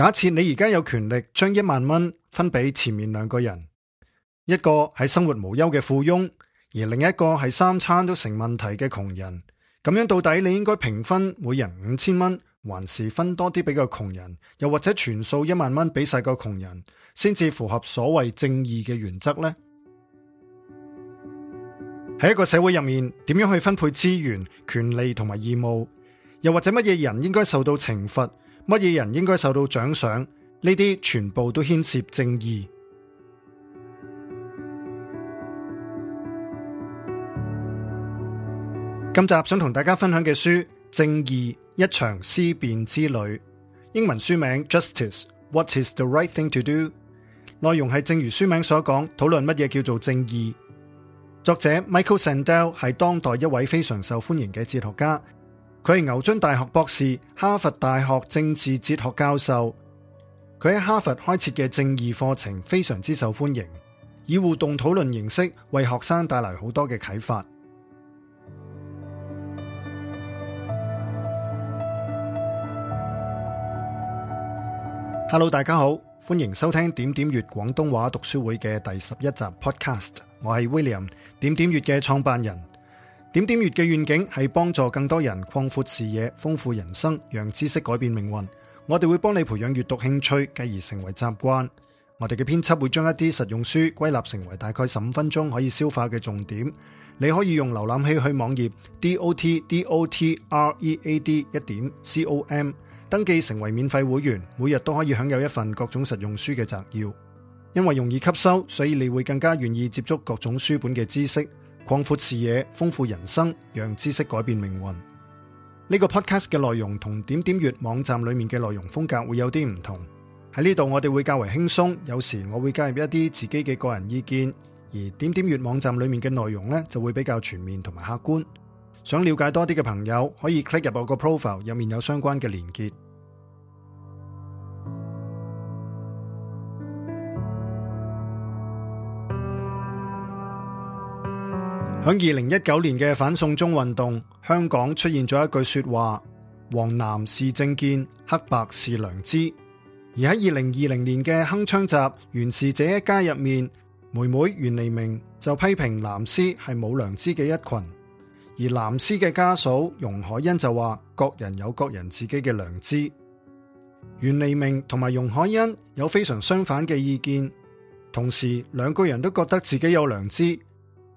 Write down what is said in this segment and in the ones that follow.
假設你而家有權力將一萬蚊分俾前面兩個人，一個係生活無憂嘅富翁，而另一個係三餐都成問題嘅窮人。咁樣到底你應該平分每人五千蚊，還是分多啲俾個窮人，又或者全數一萬蚊俾晒個窮人，先至符合所謂正義嘅原則呢？喺一個社會入面，點樣去分配資源、權利同埋義務，又或者乜嘢人應該受到懲罰？乜嘢人應該受到獎賞？呢啲全部都牽涉正義。今集想同大家分享嘅書《正義：一場思辨之旅》，英文書名《Justice: What Is the Right Thing to Do》。內容係正如書名所講，討論乜嘢叫做正義。作者 Michael Sandel 係當代一位非常受歡迎嘅哲學家。佢係牛津大學博士、哈佛大學政治哲學教授。佢喺哈佛開設嘅正義課程非常之受歡迎，以互動討論形式為學生帶來好多嘅啟發。Hello，大家好，歡迎收聽點點粵廣東話讀書會嘅第十一集 Podcast。我係 William，點點粵嘅創辦人。點點閱嘅願景係幫助更多人擴闊視野、豐富人生，讓知識改變命運。我哋會幫你培養閱讀興趣，繼而成為習慣。我哋嘅編輯會將一啲實用書歸納成為大概十五分鐘可以消化嘅重點。你可以用瀏覽器去網頁 dotdotread 一點 com 登記成為免費會員，每日都可以享有一份各種實用書嘅摘要。因為容易吸收，所以你會更加願意接觸各種書本嘅知識。擴闊視野，豐富人生，讓知識改變命運。呢個 podcast 嘅內容同點點閱網站裏面嘅內容風格會有啲唔同。喺呢度我哋會較為輕鬆，有時我會加入一啲自己嘅個人意見，而點點閱網站裏面嘅內容呢就會比較全面同埋客觀。想了解多啲嘅朋友可以 click 入我個 profile，入面有相關嘅連結。喺二零一九年嘅反送中運動，香港出現咗一句說話：黃藍是政見，黑白是良知。而喺二零二零年嘅《鏗鏘集》袁氏這一家入面，妹妹袁黎明就批評藍絲係冇良知嘅一群，而藍絲嘅家嫂容海恩就話各人有各人自己嘅良知。袁黎明同埋容海恩有非常相反嘅意見，同時兩個人都覺得自己有良知。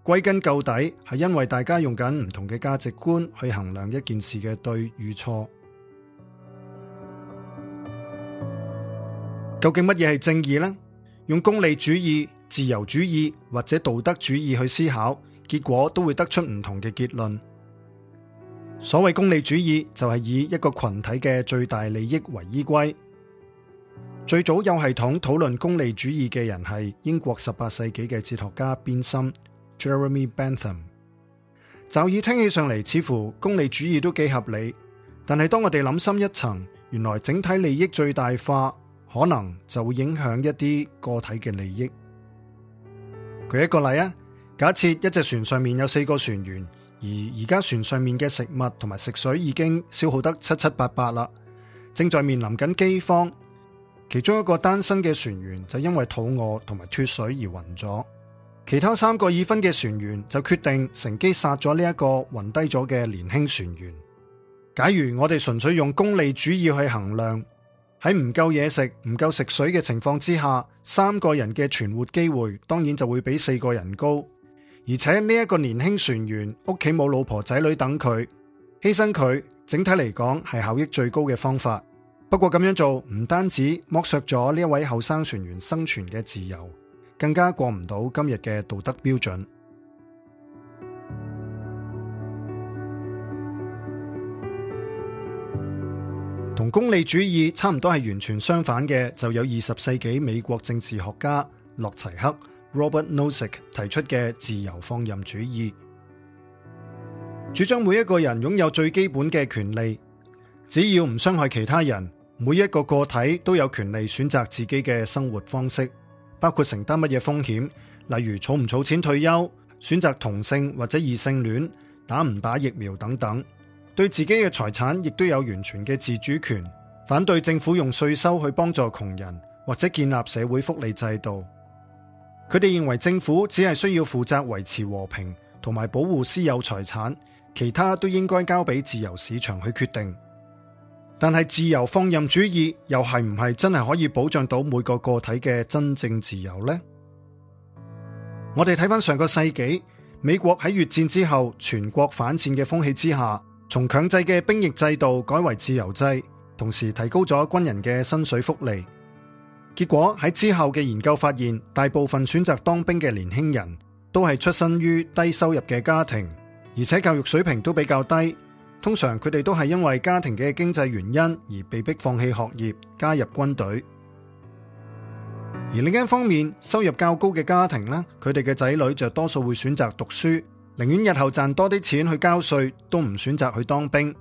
歸根究底，係因為大家用緊唔同嘅價值觀去衡量一件事嘅對與錯。究竟乜嘢係正義呢？用功利主義、自由主義或者道德主義去思考，結果都會得出唔同嘅結論。所謂功利主義，就係以一個群體嘅最大利益為依歸。最早有系統討論功利主義嘅人係英國十八世紀嘅哲學家邊沁。Jeremy Bentham 就以，聽起上嚟似乎功利主義都幾合理，但係當我哋諗深一層，原來整體利益最大化可能就會影響一啲個體嘅利益。舉一個例啊，假設一隻船上面有四個船員，而而家船上面嘅食物同埋食水已經消耗得七七八八啦，正在面臨緊饑荒。其中一個單身嘅船員就因為肚餓同埋脫水而暈咗。其他三個已婚嘅船員就決定乘機殺咗呢一個暈低咗嘅年輕船員。假如我哋純粹用功利主義去衡量，喺唔夠嘢食、唔夠食水嘅情況之下，三個人嘅存活機會當然就會比四個人高。而且呢一個年輕船員屋企冇老婆仔女等佢，犧牲佢，整體嚟講係效益最高嘅方法。不過咁樣做唔單止剝削咗呢一位後生船員生存嘅自由，更加過唔到今日嘅道德標準，同功利主義差唔多係完全相反嘅。就有二十世紀美國政治學家洛齊克 （Robert Nozick） 提出嘅自由放任主義，主張每一個人擁有最基本嘅權利，只要唔傷害其他人，每一個個體都有權利選擇自己嘅生活方式。包括承擔乜嘢風險，例如儲唔儲錢退休，選擇同性或者異性戀，打唔打疫苗等等，對自己嘅財產亦都有完全嘅自主權。反對政府用稅收去幫助窮人或者建立社會福利制度，佢哋認為政府只係需要負責維持和平同埋保護私有財產，其他都應該交俾自由市場去決定。但係自由放任主義又係唔係真係可以保障到每個個體嘅真正自由呢？我哋睇翻上個世紀，美國喺越戰之後全國反戰嘅風氣之下，從強制嘅兵役制度改為自由制，同時提高咗軍人嘅薪水福利。結果喺之後嘅研究發現，大部分選擇當兵嘅年輕人都係出身於低收入嘅家庭，而且教育水平都比較低。通常佢哋都係因為家庭嘅經濟原因而被迫放棄學業，加入軍隊。而另一方面，收入較高嘅家庭呢，佢哋嘅仔女就多數會選擇讀書，寧願日後賺多啲錢去交稅，都唔選擇去當兵。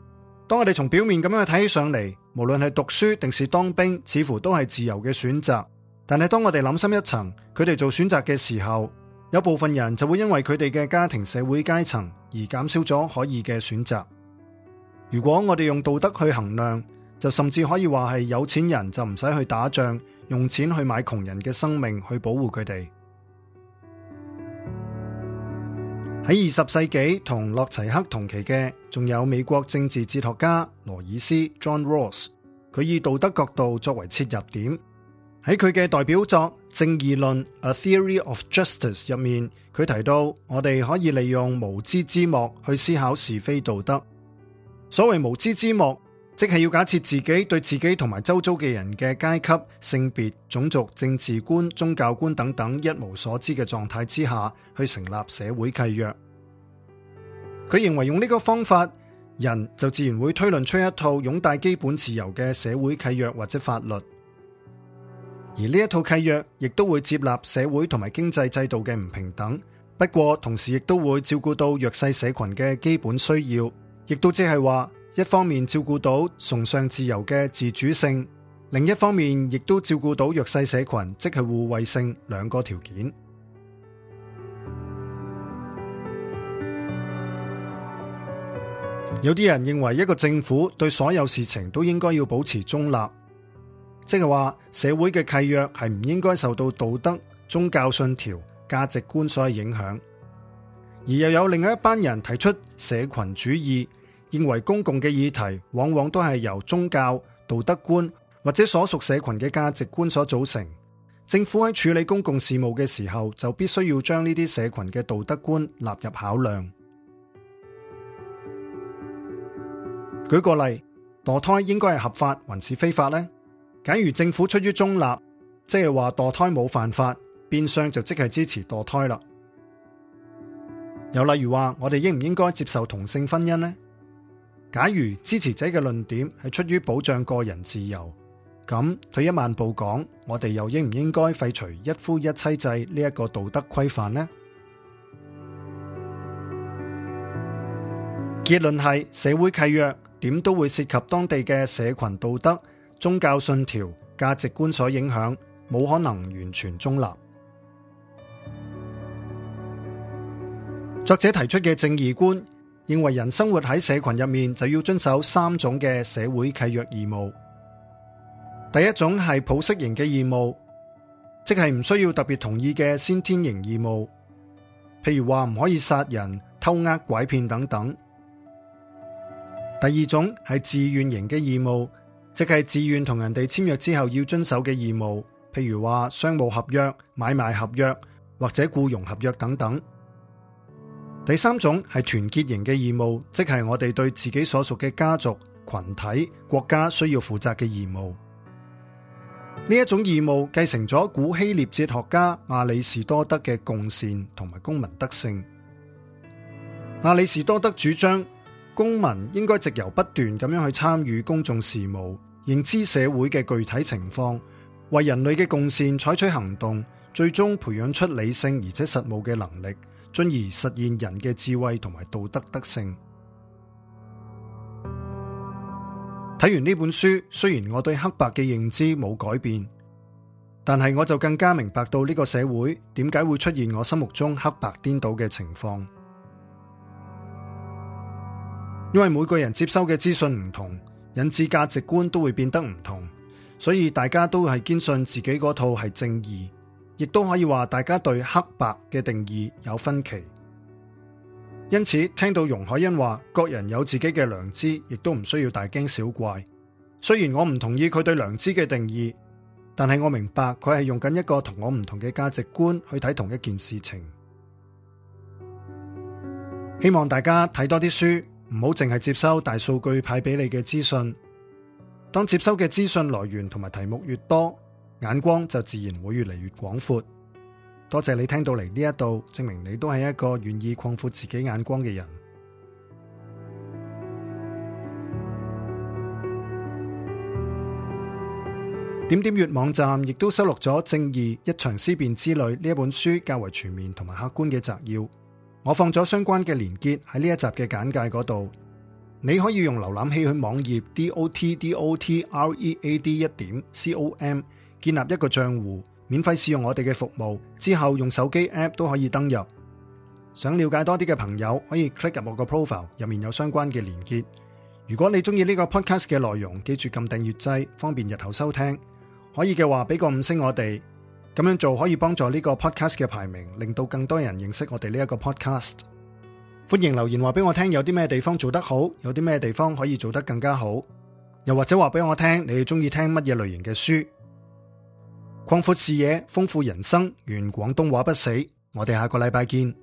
當我哋從表面咁樣去睇起上嚟，無論係讀書定是當兵，似乎都係自由嘅選擇。但係當我哋諗深一層，佢哋做選擇嘅時候，有部分人就會因為佢哋嘅家庭社會階層而減少咗可以嘅選擇。如果我哋用道德去衡量，就甚至可以話係有錢人就唔使去打仗，用錢去買窮人嘅生命去保護佢哋。喺二十世紀同洛齊克同期嘅，仲有美國政治哲學家羅爾斯 （John Rawls），佢以道德角度作為切入點。喺佢嘅代表作《正義論》（A Theory of Justice） 入面，佢提到我哋可以利用無知之幕去思考是非道德。所謂無知之幕，即係要假設自己對自己同埋周遭嘅人嘅階級、性別、種族、政治觀、宗教觀等等一無所知嘅狀態之下，去成立社會契約。佢認為用呢個方法，人就自然會推論出一套擁戴基本自由嘅社會契約或者法律。而呢一套契約亦都會接納社會同埋經濟制度嘅唔平等，不過同時亦都會照顧到弱勢社群嘅基本需要。亦都即係話，一方面照顧到崇尚自由嘅自主性，另一方面亦都照顧到弱勢社群，即係互惠性兩個條件。 有啲人認為，一個政府對所有事情都應該要保持中立，即係話社會嘅契約係唔應該受到道德、宗教信條、信條、價值觀所影響。而又有另外一班人提出社群主義，認為公共嘅議題往往都係由宗教、道德觀或者所屬社群嘅價值觀所組成。政府喺處理公共事務嘅時候，就必須要將呢啲社群嘅道德觀納入考量。舉個例，墮胎應該係合法還是非法呢？假如政府出於中立，即係話墮胎冇犯法，變相就即係支持墮胎啦。又例如話，我哋應唔應該接受同性婚姻呢？假如支持者嘅論點係出於保障個人自由，咁退一萬步講，我哋又應唔應該廢除一夫一妻制呢一個道德規範呢？結論係社會契約點都會涉及當地嘅社群道德、宗教信條、價值觀所影響，冇可能完全中立。作者提出嘅正義觀認為，人生活喺社群入面就要遵守三種嘅社會契約義務。第一種係普適型嘅義務，即係唔需要特別同意嘅先天型義務，譬如話唔可以殺人、偷呃、拐騙等等。第二種係自願型嘅義務，即係自願同人哋簽約之後要遵守嘅義務，譬如話商務合約、買賣合約或者僱傭合約等等。第三種係團結型嘅義務，即係我哋對自己所屬嘅家族、群體、國家需要負責嘅義務。呢一種義務繼承咗古希臘哲學家亞里士多德嘅共善同埋公民德性。亞里士多德主張，公民應該藉由不斷咁樣去參與公眾事務，認知社會嘅具體情況，為人類嘅共善採取行動，最終培養出理性而且實務嘅能力。進而實現人嘅智慧同埋道德德性。睇完呢本書，雖然我對黑白嘅認知冇改變，但係我就更加明白到呢個社會點解會出現我心目中黑白顛倒嘅情況。因為每個人接收嘅資訊唔同，引致價值觀都會變得唔同，所以大家都係堅信自己嗰套係正義。亦都可以話，大家對黑白嘅定義有分歧，因此聽到容海恩話，各人有自己嘅良知，亦都唔需要大驚小怪。雖然我唔同意佢對良知嘅定義，但係我明白佢係用緊一個同我唔同嘅價值觀去睇同一件事情。希望大家睇多啲書，唔好淨係接收大數據派俾你嘅資訊。當接收嘅資訊來源同埋題目越多，眼光就自然會越嚟越廣闊。多謝你聽到嚟呢一度，證明你都係一個願意擴闊自己眼光嘅人。點點閱網站亦都收錄咗《正義：一場思辨之旅》呢一本書較為全面同埋客觀嘅摘要。我放咗相關嘅連結喺呢一集嘅簡介嗰度。你可以用瀏覽器去網頁 dot dot read 一點 com。建立一個賬戶，免費試用我哋嘅服務之後，用手機 app 都可以登入。想了解多啲嘅朋友可以 click 入我個 profile 入面，有相關嘅連結。如果你中意呢個 podcast 嘅內容，記住撳訂閱掣，方便日後收聽。可以嘅話俾個五星我哋，咁樣做可以幫助呢個 podcast 嘅排名，令到更多人認識我哋呢一個 podcast。歡迎留言話俾我聽，有啲咩地方做得好，有啲咩地方可以做得更加好，又或者話俾我聽你中意聽乜嘢類型嘅書。擴闊視野，豐富人生，願廣東話不死。我哋下個禮拜見。